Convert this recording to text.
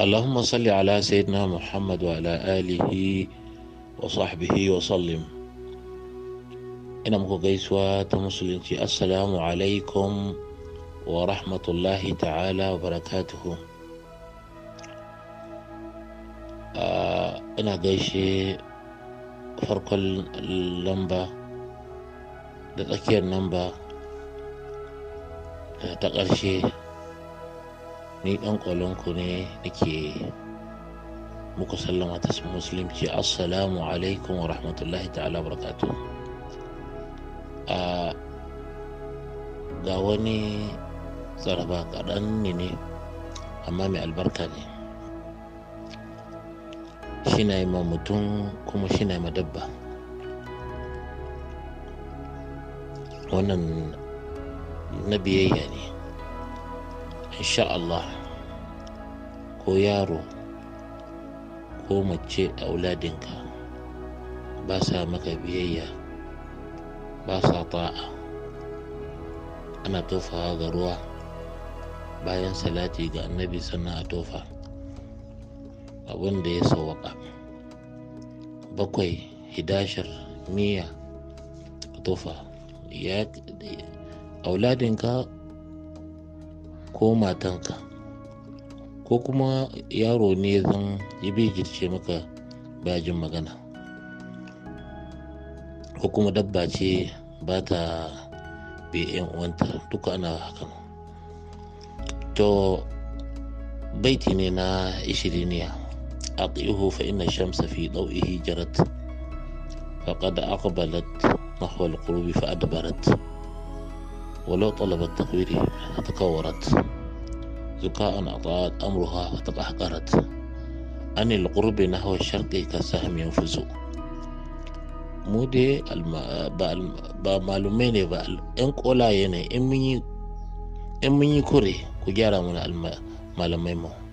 اللهم صل على سيدنا محمد وعلى آله وصحبه وسلم إنما قيسوا تمسلين السلام عليكم ورحمة الله تعالى وبركاته آه، إنا gaishe فرق اللمبة da tsakiyar تقرشي ni ɗan ƙwalonku ne nake muku sallama ta musulunci assalamu alaikum wa rahmatullahi ta'ala barakatu a ga wani tsaraba kaɗan ne ne amma mai albarka ne shi na yi ma mutum kuma shi na yi ma dabba wannan na biyayya ne insha Allah ko yaro ko mace a wuladinka ba sa maka biyayya ba sa ta'a ana tofawa ga ruwa bayan salati ga annabi sannan a tofa abin ya sawaka bakwai hidashar miya a tofa auladinka ko matanka ko kuma yaro ne zan yi girce maka bajin magana ko kuma dabba ce ba ta bi yan uwanta duka ana hakan to baiti ne na ishiriniya aqihu fa fa'ina shamsa fi daw'ihi jarat faqad aqbalat na al-qurub fa barat. ولو طلبت تغويره تقورت زكاء أضاءت أمرها تقهقرت أن القرب نحو الشرق كسهم ينفزو مودي الم... با, الم... با معلوميني با إن قولا يني إمني إمني كوري كجارة من الم...